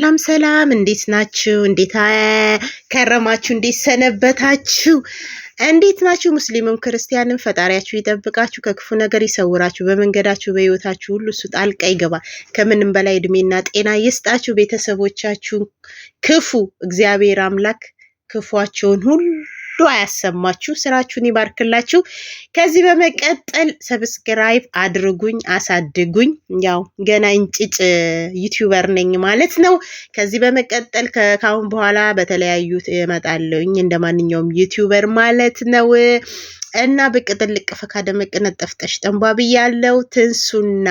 ሰላም ሰላም፣ እንዴት ናችሁ? እንዴት ከረማችሁ? እንዴት ሰነበታችሁ? እንዴት ናችሁ? ሙስሊምም ክርስቲያንም ፈጣሪያችሁ ይጠብቃችሁ፣ ከክፉ ነገር ይሰውራችሁ፣ በመንገዳችሁ በህይወታችሁ ሁሉ እሱ ጣልቃ ይገባ። ከምንም በላይ እድሜና ጤና ይስጣችሁ። ቤተሰቦቻችሁ ክፉ እግዚአብሔር አምላክ ክፏቸውን ሁሉ ሁሉ አያሰማችሁ፣ ስራችሁን ይባርክላችሁ። ከዚህ በመቀጠል ሰብስክራይብ አድርጉኝ፣ አሳድጉኝ። ያው ገና እንጭጭ ዩቲዩበር ነኝ ማለት ነው። ከዚህ በመቀጠል ከካሁን በኋላ በተለያዩ እመጣለሁኝ እንደ ማንኛውም ዩቲዩበር ማለት ነው። እና ብቅ ጥልቅ ፈካ ደመቅ ነጠፍጠሽ ጠንቧ ብያለው ትንሱና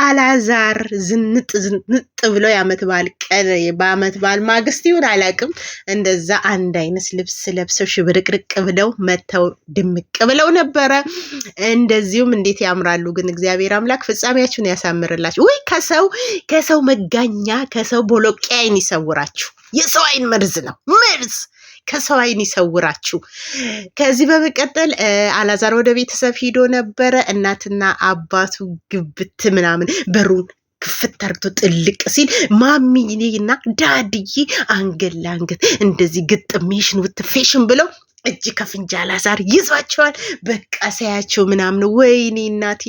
አላዛር ዝንጥ ዝንጥ ብሎ የአመት በዓል ቀን በአመት በዓል ማግስት ይሁን አላውቅም፣ እንደዛ አንድ አይነት ልብስ ለብሰው ሽብርቅርቅ ብለው መተው ድምቅ ብለው ነበረ። እንደዚሁም እንዴት ያምራሉ! ግን እግዚአብሔር አምላክ ፍጻሜያችሁን ያሳምርላችሁ። ወይ ከሰው ከሰው መጋኛ ከሰው ቦሎቄ አይን ይሰውራችሁ። የሰው አይን መርዝ ነው መርዝ ከሰው አይን ይሰውራችሁ። ከዚህ በመቀጠል አላዛር ወደ ቤተሰብ ሂዶ ነበረ። እናትና አባቱ ግብት ምናምን በሩን ክፍት አድርጎ ጥልቅ ሲል ማሚና ዳድዬ አንገት ለአንገት እንደዚህ ግጥሜሽን ውትፌሽን ብለው እጅ ከፍንጅ አላዛር ይዟቸዋል። በቃ ሳያቸው ምናምን ወይኔ እናቴ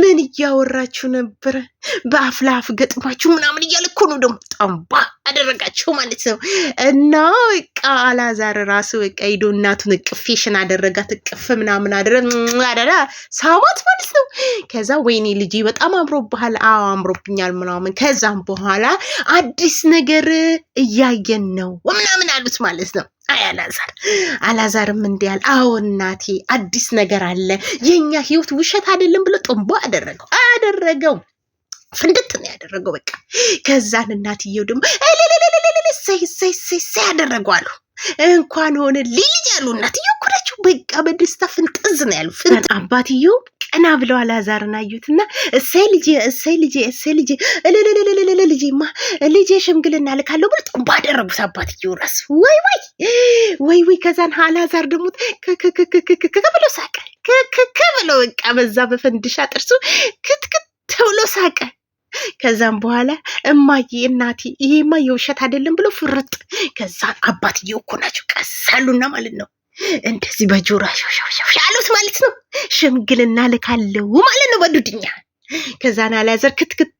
ምን እያወራችሁ ነበረ? በአፍላፍ ገጥማችሁ ምናምን እያለ እኮ ነው ደግሞ ጠንቧ አደረጋቸው ማለት ነው። እና በቃ አላዛር ራሱ በቃ ሂዶ እናቱን እቅፌሽን አደረጋት እቅፍ ምናምን አደረ አደረ ሳባት ማለት ነው። ከዛ ወይኔ ልጅ በጣም አምሮብሃል። አዎ አምሮብኛል ምናምን። ከዛም በኋላ አዲስ ነገር እያየን ነው ምናምን አሉት ማለት ነው። አይ አላዛር አላዛርም እንዲያል አዎ እናቴ አዲስ ነገር አለ የኛ ህይወት ውሸት አይደለም ብሎ ጥንቦ አደረገው አደረገው ፍንድት ነው ያደረገው በቃ ከዛን እናትየው ደግሞ ሰይ ሰይ ሰይ ሰይ ያደረጉ አሉ እንኳን ሆነ ልጅ ያሉ እናትየው እኮ ናቸው በቃ በደስታ ፍንጥዝ ነው ያሉ ፍንጥ አባትየው ቀና ብለው አላዛርን አዩትና እሰይ ልጄ፣ እሰይ ልጄ፣ እሰይ ልጄ፣ እልልልልልል ልጄማ፣ ልጄ ሽምግልና ልካለሁ ብሎ ጥቁም ባደረጉት አባትየው ራሱ ወይ ወይ ወይ ወይ። ከዛን አላዛር ደግሞ ክክክክክክ ብለው ሳቀ። ክክክ በቃ በዛ በፈንድሻ ጥርሱ ክትክት ሳቀ። ከዛም በኋላ እማዬ እናቴ ይሄማ የውሸት አይደለም ብሎ ፍርጥ። ከዛ አባትየው እኮ ናቸው ቀሳሉና ማለት ነው እንደዚህ በጆሮ ሻሻሻ አሉት ማለት ነው። ሽምግልና ልካለው ማለት ነው በዱድኛ። ከዛን አላዘር ክትክት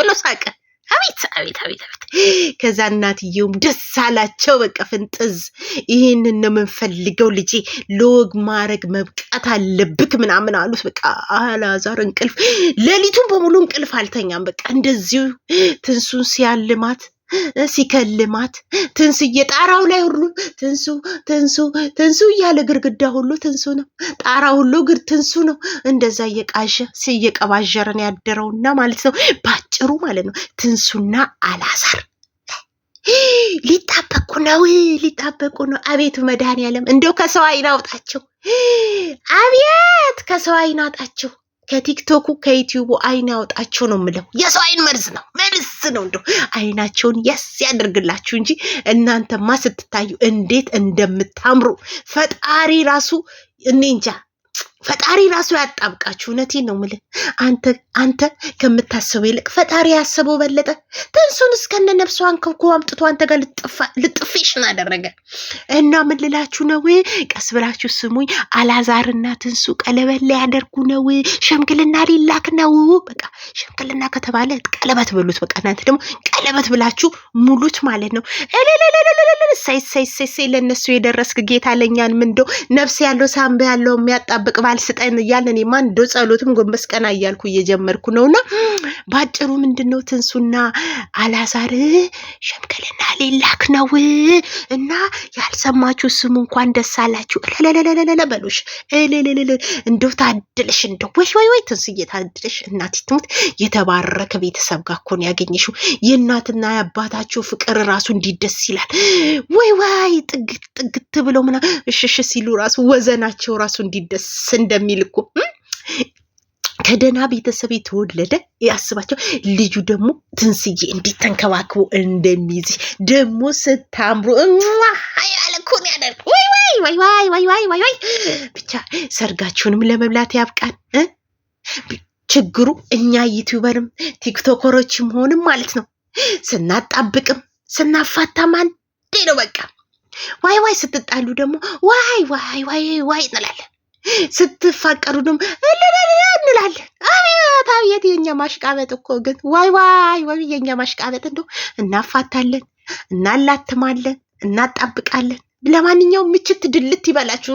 ብሎ ሳቀ። አቤት አቤት አቤት አቤት። ከዛ እናትየውም ደስ አላቸው። በቃ ፍንጥዝ፣ ይህንን ነው የምንፈልገው ልጄ፣ ለወግ ማድረግ መብቃት አለብክ ምናምን አሉት። በቃ አላዛር እንቅልፍ ሌሊቱን በሙሉ እንቅልፍ አልተኛም። በቃ እንደዚሁ ትንሱን ሲያልማት ሲከልማት ትንሱዬ ጣራው ላይ ሁሉ ትንሱ ትንሱ ትንሱ እያለ ግድግዳ ሁሉ ትንሱ ነው፣ ጣራ ሁሉ ግር ትንሱ ነው። እንደዛ እየቃዠ እየቀባዠረ ያደረውና ማለት ነው ባጭሩ ማለት ነው ትንሱና አላዛር ሊጣበቁ ነው፣ ሊጣበቁ ነው። አቤት መድኃኔዓለም እንደው ከሰው አይን አውጣቸው። አቤት ከሰው አይን አውጣቸው። ከቲክቶኩ ከዩቲዩቡ አይን ያወጣቸው ነው የምለው። የሰው አይን መርዝ ነው መርዝ ነው። እንደው አይናቸውን የስ ያደርግላችሁ እንጂ እናንተማ ስትታዩ እንዴት እንደምታምሩ ፈጣሪ ራሱ እኔ እንጃ ፈጣሪ ራሱ ያጣብቃችሁ። እውነቴን ነው የምልህ። አንተ አንተ ከምታስበው ይልቅ ፈጣሪ ያሰበው በለጠ። ትንሱን እስከነ ነብሱ አንከብኮ አምጥቶ አንተ ጋር ልጥፌሽን አደረገ እና ምን ልላችሁ ነው? ቀስ ብላችሁ ስሙኝ። አላዛርና ትንሱ ቀለበት ሊያደርጉ ነው። ሽምግልና ሊላክ ነው። በቃ ሽምግልና ከተባለ ቀለበት ብሉት። በቃ እናንተ ደግሞ ቀለበት ብላችሁ ሙሉት ማለት ነው። እሰይ እሰይ እሰይ ለእነሱ የደረስክ ጌታ ለእኛን ምንዶ ነፍስ ያለው ሳምባ ያለው የሚያጣብቅ ባል ስጠን እያለን ማንዶ ጸሎትም ጎንበስ ቀና እያልኩ እየጀመርኩ ነውና ባጭሩ ምንድን ነው ትንሱና አላዛር ሸምገልና ሌላክ ነው እና ያልሰማችሁ ስሙ እንኳን ደስ አላችሁ ለለለለለለ በሎሽ እልልልል እንደው ታድልሽ እንደው ወይ ወይ ወይ ትንሱዬ እየታድልሽ እናት ትሙት። የተባረከ ቤተሰብ ጋር እኮ ነው ያገኘሽው። የእናትና የአባታችሁ ፍቅር ራሱ እንዲህ ደስ ይላል። ወይ ወይ ጥግት ጥግት ብለው ምና እሽሽ ሲሉ ራሱ ወዘናቸው ራሱ እንዲደስ እንደሚል እኮ ከደህና ቤተሰብ የተወለደ ያስባቸው ልጁ ደግሞ ትንስዬ እንዴት ተንከባክቦ ደግሞ ስታምሩ ያለኮን ያደርግ ወይ ወይ ወይ ወይ ወይ ወይ ብቻ ሰርጋችሁንም ለመብላት ያብቃን። ችግሩ እኛ ዩቲዩበርም ቲክቶከሮችም ሆንም ማለት ነው ስናጣብቅም ስናፋታም አንዴ ነው በቃ። ዋይ ዋይ ስትጣሉ ደግሞ ዋይ ዋይ ዋይ ዋይ እንላለን። ስትፋቀሩንም እንላለን። አቤት አቤት የኛ ማሽቃበጥ እኮ ግን ዋይ ዋይ ወይ የኛ ማሽቃበጥ እንዶ እናፋታለን፣ እናላትማለን፣ እናጣብቃለን። ለማንኛውም ምችት ድልት ይበላችሁ።